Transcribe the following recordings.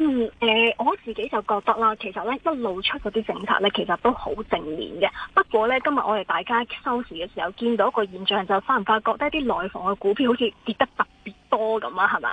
嗯、欸，我自己就覺得啦，其實咧一路出嗰啲政策咧，其實都好正面嘅。不過咧，今日我哋大家收市嘅時候見到一個現象，就發唔發覺得一啲內房嘅股票好似跌得特別多咁啊？係咪？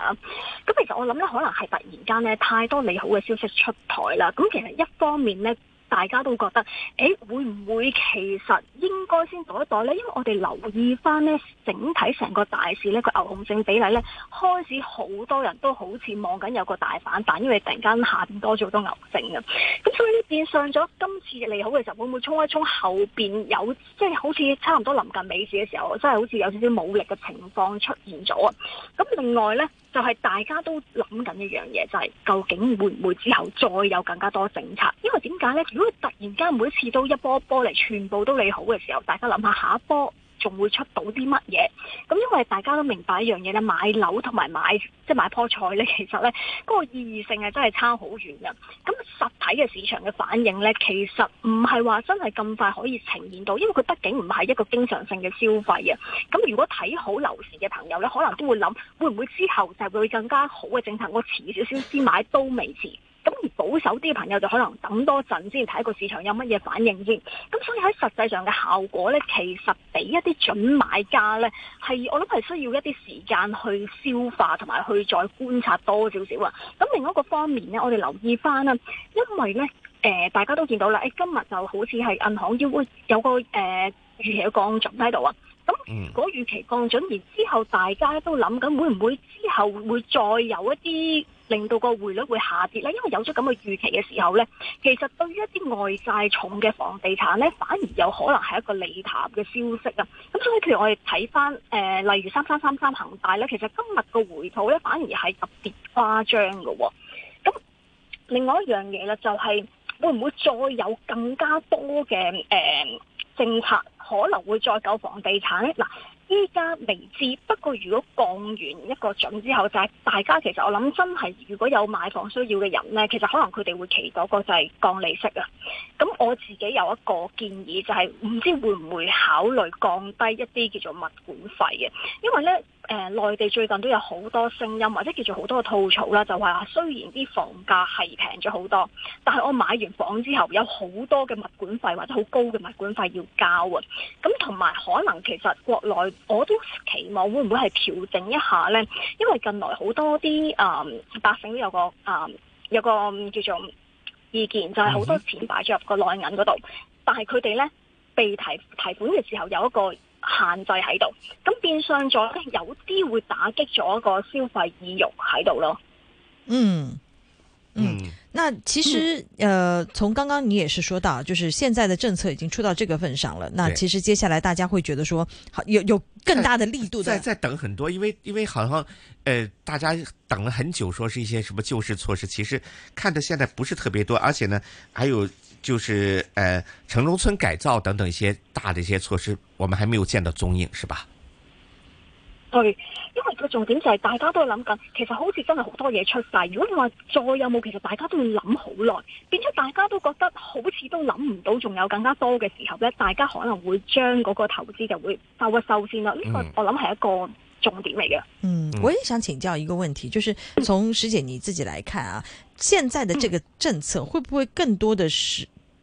咁其實我諗咧，可能係突然間咧太多利好嘅消息出台啦。咁其實一方面咧。大家都覺得，誒、欸、會唔會其實應該先躲一躲呢？因為我哋留意翻呢，整體成個大市呢個牛熊證比例呢，開始好多人都好似望緊有個大反彈，因為突然間下邊多咗好多牛證啊。咁所以變相咗今次嘅利好嘅時候，會唔會衝一衝後邊有即係、就是、好似差唔多臨近尾市嘅時候，真係好似有少少冇力嘅情況出現咗啊？咁另外呢。就係大家都諗緊一樣嘢，就係究竟會唔會之後再有更加多政策？因為點解呢？如果突然間每次都一波一波嚟，全部都利好嘅時候，大家諗下下一波。仲會出到啲乜嘢？咁因為大家都明白一樣嘢咧，買樓同埋買即係買棵菜咧，其實咧嗰個意義性係真係差好遠㗎！咁實體嘅市場嘅反應咧，其實唔係話真係咁快可以呈現到，因為佢畢竟唔係一個經常性嘅消費啊！咁如果睇好樓市嘅朋友咧，可能都會諗，會唔會之後就會更加好嘅政策？我遲少少先買都未遲。咁而保守啲嘅朋友就可能等多陣先睇個市場有乜嘢反應先，咁所以喺實際上嘅效果呢，其實俾一啲準買家呢，係，我諗係需要一啲時間去消化同埋去再觀察多少少啊。咁另一個方面呢，我哋留意翻啦，因為呢，誒、呃，大家都見到啦，誒、欸，今日就好似係銀行要會有個誒預期嘅降準喺度啊。咁如果預期降準，而之後大家都諗緊，會唔會之後會再有一啲令到個匯率會下跌呢？因為有咗咁嘅預期嘅時候呢，其實對於一啲外債重嘅房地產呢，反而有可能係一個利淡嘅消息啊！咁所以譬如我哋睇翻、呃、例如三三三三恒大呢，其實今日個回吐呢，反而係特別誇張㗎喎。咁另外一樣嘢呢，就係、係、會唔會再有更加多嘅、呃、政策？可能會再救房地產呢，嗱，依家未知。不過如果降完一個準之後，就係、是、大家其實我諗真係如果有買房需要嘅人呢，其實可能佢哋會期待嗰個就係降利息啊。咁我自己有一個建議就係唔知會唔會考慮降低一啲叫做物管費嘅，因為呢。誒，內地最近都有好多聲音，或者叫做好多嘅吐槽啦，就話雖然啲房價係平咗好多，但係我買完房之後有好多嘅物管費或者好高嘅物管費要交啊，咁同埋可能其實國內我都期望會唔會係調整一下呢？因為近來好多啲誒、嗯、百姓都有個誒、嗯、有個叫做意見，就係、是、好多錢擺咗入個內銀嗰度，但係佢哋呢，被提提款嘅時候有一個。限制喺度，咁變相咗有啲會打擊咗個消費意欲喺度咯。嗯嗯，那其實，誒、嗯，從剛剛你也是說到，就是現在的政策已經出到這個份上了。那其實接下來大家會覺得說，好對有有更大的力度的在。在在等很多，因為因為好像，誒、呃，大家等了很久，說是一些什麼救市措施，其實看的現在不是特別多，而且呢，還有。就是呃，城中村改造等等一些大的一些措施，我們還沒有見到蹤影，是吧？對，因為個重點就係大家都諗緊，其實好似真係好多嘢出晒。如果你話再有冇，其實大家都會諗好耐，變咗大家都覺得好似都諗唔到，仲有更加多嘅時候咧，大家可能會將嗰個投資就會收一收先啦。嗯，呢個我諗係一個重點嚟嘅。嗯，我也想請教一個問題，就是從師姐你自己來看啊，現在的這個政策會不會更多的是？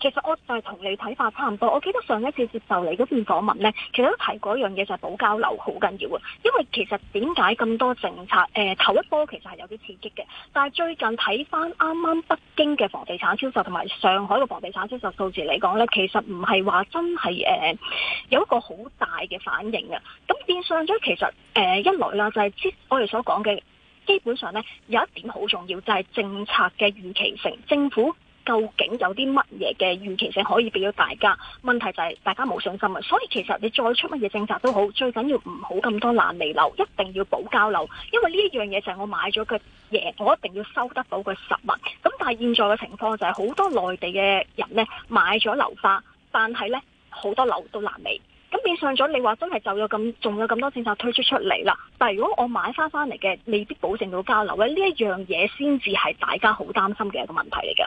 其實我就係同你睇法差唔多，我記得上一次接受你嗰篇訪問呢，其實都提過一樣嘢就係保交樓好緊要啊，因為其實點解咁多政策、呃、頭一波其實係有啲刺激嘅，但係最近睇返啱啱北京嘅房地產銷售同埋上海嘅房地產銷售數字嚟講呢，其實唔係話真係、呃、有一個好大嘅反應啊，咁變相咗其實、呃、一來啦，就係我哋所講嘅基本上呢，有一點好重要就係、是、政策嘅預期性，政府。究竟有啲乜嘢嘅預期性可以俾到大家？問題就係大家冇信心啊。所以其實你再出乜嘢政策都好，最緊要唔好咁多爛尾樓，一定要保交樓。因為呢一樣嘢就係我買咗嘅嘢，我一定要收得到嘅實物。咁但係現在嘅情況就係好多內地嘅人咧買咗樓花，但係呢好多樓都爛尾，咁變相咗你話真係就有咁仲有咁多政策推出出嚟啦。但係如果我買翻翻嚟嘅未必保證到交樓咧，呢一樣嘢先至係大家好擔心嘅一個問題嚟嘅。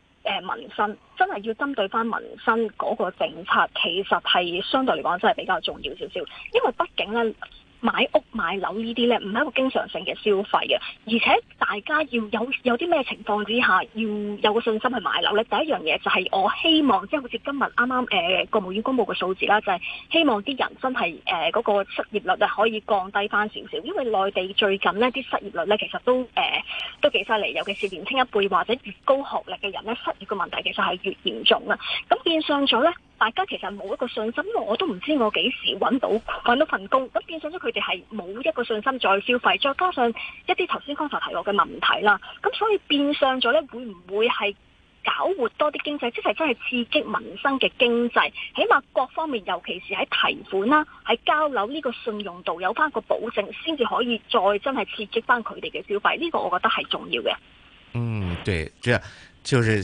誒民生真係要針對返民生嗰個政策，其實係相對嚟講真係比較重要少少，因為畢竟咧。買屋買樓呢啲呢，唔係一個經常性嘅消費嘅，而且大家要有有啲咩情況之下，要有個信心去買樓呢？第一樣嘢就係我希望，即係好似今日啱啱誒國務院公佈嘅數字啦，就係希望啲人真係誒嗰個失業率啊，可以降低翻少少。因為內地最近呢啲失業率呢，其實都誒都幾犀利，尤其是年輕一輩或者越高學歷嘅人呢，失業嘅問題其實係越嚴重啊。咁變相咗呢。大家其實冇一個信心，因為我都唔知我幾時揾到揾到份工，咁變相咗佢哋係冇一個信心再消費，再加上一啲頭先剛才提過嘅問題啦，咁所以變相咗呢，會唔會係搞活多啲經濟，即係真係刺激民生嘅經濟？起碼各方面，尤其是喺提款啦、喺交樓呢個信用度有翻個保證，先至可以再真係刺激翻佢哋嘅消費。呢個我覺得係重要嘅。嗯，對，即係就係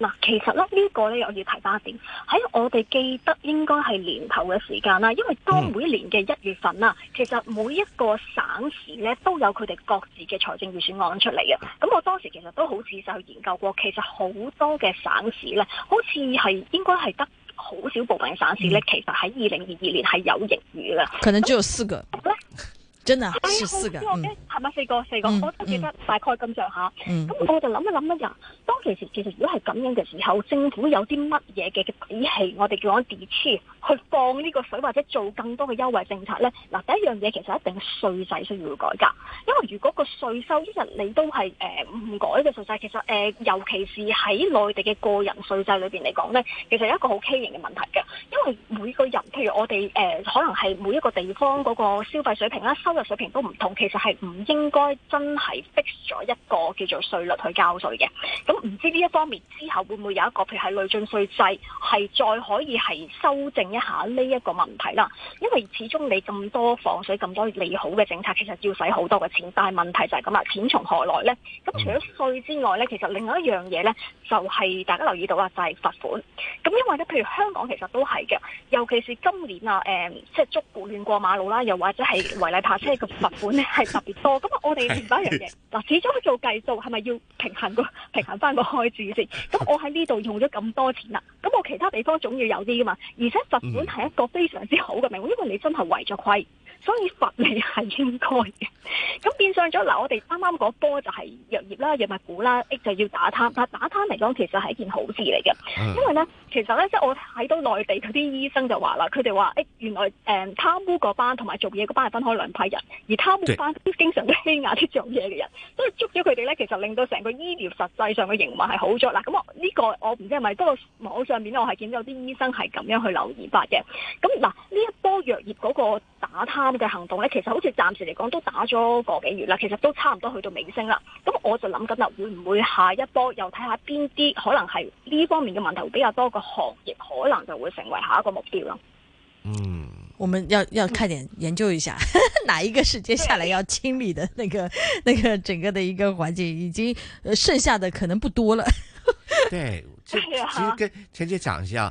嗱，其實咧呢個咧，我要提翻一點，喺我哋記得應該係年頭嘅時間啦，因為當每一年嘅一月份啊，其實每一個省市咧都有佢哋各自嘅財政預算案出嚟嘅。咁我當時其實都好似就去研究過，其實好多嘅省市咧，好似係應該係得好少部分嘅省市咧，嗯、其實喺二零二二年係有盈餘嘅。可能只有四個。真係係四個？係咪四個？四、嗯、個，個嗯、我都記得大概咁上下。咁、嗯、我就諗一諗一呀？當其實其實如果係咁樣嘅時候，政府有啲乜嘢嘅底氣？比我哋叫我哋去放呢個水，或者做更多嘅優惠政策呢？嗱，第一樣嘢其實一定係稅制需要改革，因為如果個稅收一日你都係誒唔改嘅稅制，其實誒、呃、尤其是喺內地嘅個人稅制裏邊嚟講呢，其實是一個好畸形嘅問題嘅，因為每個人，譬如我哋誒、呃、可能係每一個地方嗰個消費水平啦。收入水平都唔同，其實係唔應該真係逼咗一個叫做稅率去交稅嘅。咁唔知呢一方面之後會唔會有一個，譬如係累進稅制，係再可以係修正一下呢一個問題啦。因為始終你咁多放水，咁多利好嘅政策，其實要使好多嘅錢，但係問題就係咁啊，錢從何來咧？咁除咗稅之外咧，其實另外一樣嘢咧，就是，就係大家留意到啦，就係、是、罰款。咁因為咧，譬如香港其實都係嘅，尤其是今年啊，誒、呃，即係捉亂過馬路啦，又或者係違例泊。即係個罰款咧，係 特別多咁啊！我哋明白一樣嘢，嗱，始終去做計數係咪要平衡個平衡翻個開支先？咁我喺呢度用咗咁多錢啦，咁我其他地方總要有啲噶嘛。而且罰款係一個非常之好嘅名，因為你真係違咗規。所以罰你係應該嘅，咁變相咗嗱，我哋啱啱嗰波就係藥業啦、藥物股啦，誒就要打貪。嗱，打貪嚟講其實係一件好事嚟嘅，因為咧，其實咧，即係我睇到內地佢啲醫生就話啦，佢哋話誒原來誒、嗯、貪污嗰班同埋做嘢嗰班係分開兩批人，而貪污班都經常都欺壓啲做嘢嘅人，所以捉咗佢哋咧，其實令到成個醫療實際上嘅營運係好咗。嗱，咁啊呢個我唔知係咪，不過網上面我係見到啲醫生係咁樣去留意返嘅。咁嗱，呢一波藥業嗰個打貪。咁嘅行動咧，其實好似暫時嚟講都打咗個幾月啦，其實都差唔多去到尾聲啦。咁我就諗緊啦，會唔會下一波又睇下邊啲可能係呢方面嘅問題比較多嘅行業，可能就會成為下一個目標咯。嗯，我們要要快點研究一下，嗯、哪一個是接下來要清理嘅那個對那個整個的一個環境，已經剩下的可能不多了。 對，其實跟陳姐講一下。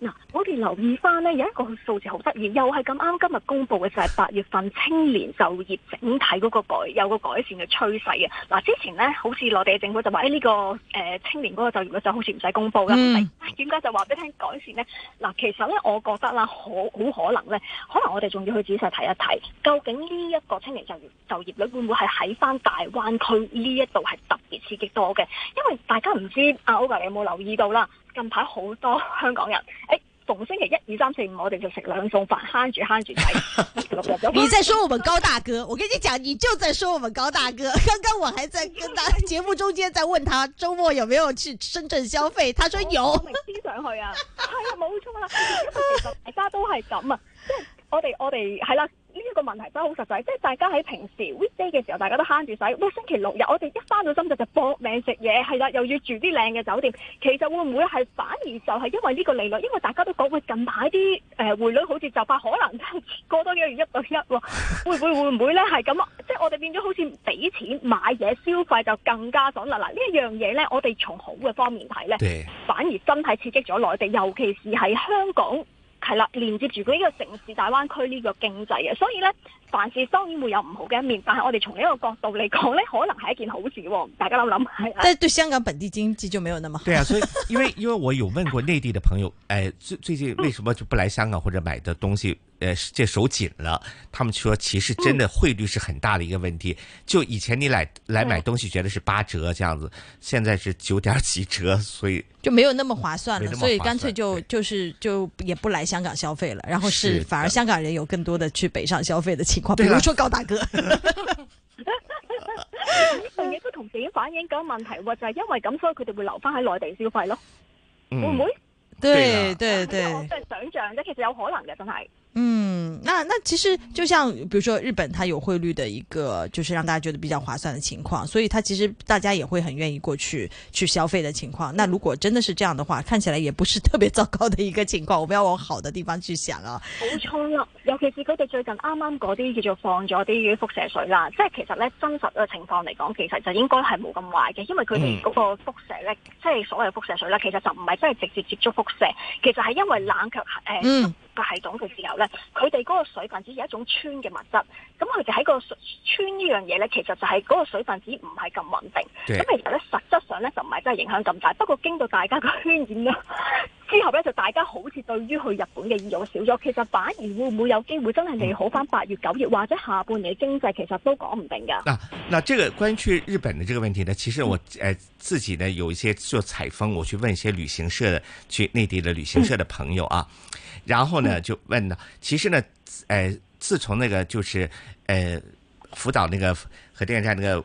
嗱、啊，我哋留意翻咧，有一個數字好得意，又係咁啱今日公布嘅，就係、是、八月份青年就業整體嗰個改有個改善嘅趨勢嘅。嗱、啊，之前咧，好似內地嘅政府就話，誒、欸、呢、這個誒、呃、青年嗰個就業率就好似唔使公布啦，唔點點解就話俾聽改善咧。嗱、啊，其實咧我覺得啦，好可能咧，可能我哋仲要去仔細睇一睇，究竟呢一個青年就業就業率會唔會係喺翻大灣區呢一度係特別刺激多嘅？因為大家唔知阿 Olga 有冇留意到啦。近排好多香港人，誒，逢星期一、二、三、四、五，我哋就食兩餸飯慳住慳住睇。省着省着 你再說我們高大哥，我跟你講，你就在說我們高大哥。剛剛我還在跟他節目中間在問他周末有沒有去深圳消費，他說有我。明知你想去啊？係 啊，冇錯啦。因為其實大家都係咁啊，即係我哋我哋係啦。呢一個問題真係好實際，即係大家喺平時 weekday 嘅時候，大家都慳住使，喂，星期六日我哋一返到深圳就搏命食嘢，係啦，又要住啲靚嘅酒店。其實會唔會係反而就係因為呢個利率？因為大家都講喂，近排啲誒匯率好似就快可能過多幾個月一對一喎，會唔會會唔會咧？係咁，即係我哋變咗好似俾錢買嘢消費就更加爽啦！嗱，呢一樣嘢咧，我哋從好嘅方面睇咧，反而真係刺激咗內地，尤其是喺香港。係啦，連接住佢呢個城市大灣區呢個經濟嘅，所以咧。凡事當然會有唔好嘅一面，但係我哋從呢個角度嚟講呢，可能係一件好事，哦。大家諗諗係。但係對香港本地經濟就沒有那麼好。 對啊，所以因為因為我有問過內地的朋友，誒、哎，最最近為什麼就不來香港或者買的東西，誒、哎，這手緊了。他們說其實真的匯率是很大的一個問題。就以前你來來買東西覺得是八折這樣子，現在是九點幾折，所以就沒有那麼划算了。所以乾脆就對就是就也不來香港消費了。然後是反而香港人有更多的去北上消費的錢。比如說高大哥，呢樣嘢都同自己反映緊問題喎，就係因為咁，所以佢哋會留翻喺內地消費咯，會唔會？對對對，我係想象啫，其實有可能嘅，真係。嗯，那那其實就像，比如說日本，它有匯率的一個，就是讓大家覺得比較划算的情況，所以它其實大家也會很願意過去去消費的情況。那如果真的是這樣的話，看起來也不是特別糟糕的一個情況。我們要往好的地方去想啊。冇錯啦，尤其是佢哋最近啱啱嗰啲叫做放咗啲輻射水啦，即係其實咧真實嘅情況嚟講，其實就應該係冇咁壞嘅，因為佢哋嗰個輻射咧，即係所謂嘅輻射水啦，其實就唔係真係直接接觸輻射，其實係因為冷卻誒。系統嘅時候咧，佢哋嗰個水分子有一種村嘅物質，咁佢哋喺個水村呢樣嘢咧，其實就係嗰個水分子唔係咁穩定，咁其實咧實質上咧就唔係真係影響咁大，不過經過大家個渲染咯。之後呢，就大家好似對於去日本嘅意欲少咗，其實反而會唔會有機會真係利好返八月九月或者下半年嘅經濟其實都講唔定㗎。那這個關於去日本嘅這個問題呢，其實我、呃、自己呢有一些做採訪，我去問一些旅行社、去內地嘅旅行社嘅朋友啊，然後呢就問到，其實呢、呃、自從那個就是誒福島那個核電站那個。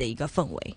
嘅一個氛圍。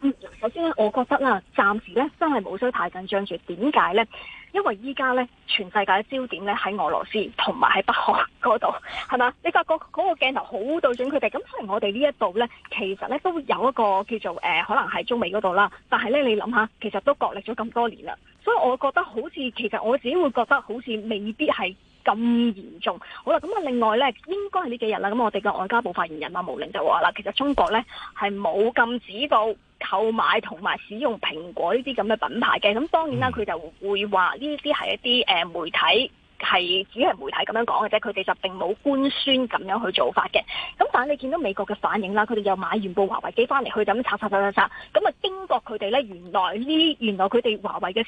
嗯、首先咧，我覺得咧，暫時咧真係冇需太緊張住。點解咧？因為依家咧，全世界嘅焦點咧喺俄羅斯同埋喺北韓嗰度，係嘛？你話嗰嗰個鏡頭好對準佢哋，咁雖然我哋呢一度咧，其實咧都有一個叫做誒、呃，可能係中美嗰度啦。但係咧，你諗下，其實都角力咗咁多年啦，所以我覺得好似其實我自己會覺得好似未必係。咁嚴重，好啦，咁啊另外呢，應該係呢幾日啦。咁我哋嘅外交部發言人啊，毛寧就話啦，其實中國呢係冇禁止到購買同埋使用蘋果呢啲咁嘅品牌嘅。咁當然啦，佢就會話呢啲係一啲媒體係只係媒體咁樣講嘅啫，佢哋就並冇官宣咁樣去做法嘅。咁但係你見到美國嘅反應啦，佢哋又買完部華為機翻嚟，去咁樣拆拆拆拆，咁啊驚覺佢哋呢，原來呢，原來佢哋華為嘅。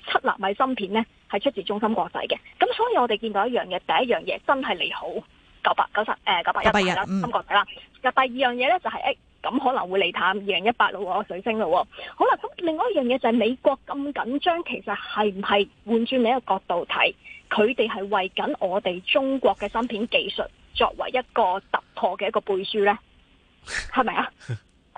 七納米芯片咧係出自中芯國際嘅，咁所以我哋見到一樣嘢。第一樣嘢真係利好九百九十誒九百一啦，中 90,、呃、國仔啦。咁第二樣嘢咧就係、是、誒，咁、欸、可能會利淡二零一八咯，水升咯。好啦，咁另外一樣嘢就係、是、美國咁緊張，其實係唔係換轉呢一個角度睇，佢哋係為緊我哋中國嘅芯片技術作為一個突破嘅一個背書咧，係咪 啊？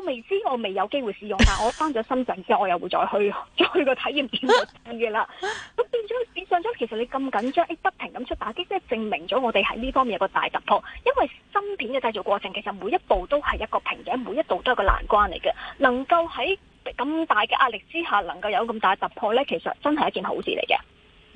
我未知，我未有機會試用，但係我翻咗深圳之後，我又會再去，再去個體驗店我知噶啦。咁變咗變相咗，其實你咁緊張，誒、欸，不停咁出打擊，即係證明咗我哋喺呢方面有個大突破。因為芯片嘅製造過程，其實每一步都係一個瓶頸，每一步都係個難關嚟嘅。能夠喺咁大嘅壓力之下，能夠有咁大突破呢，其實真係一件好事嚟嘅。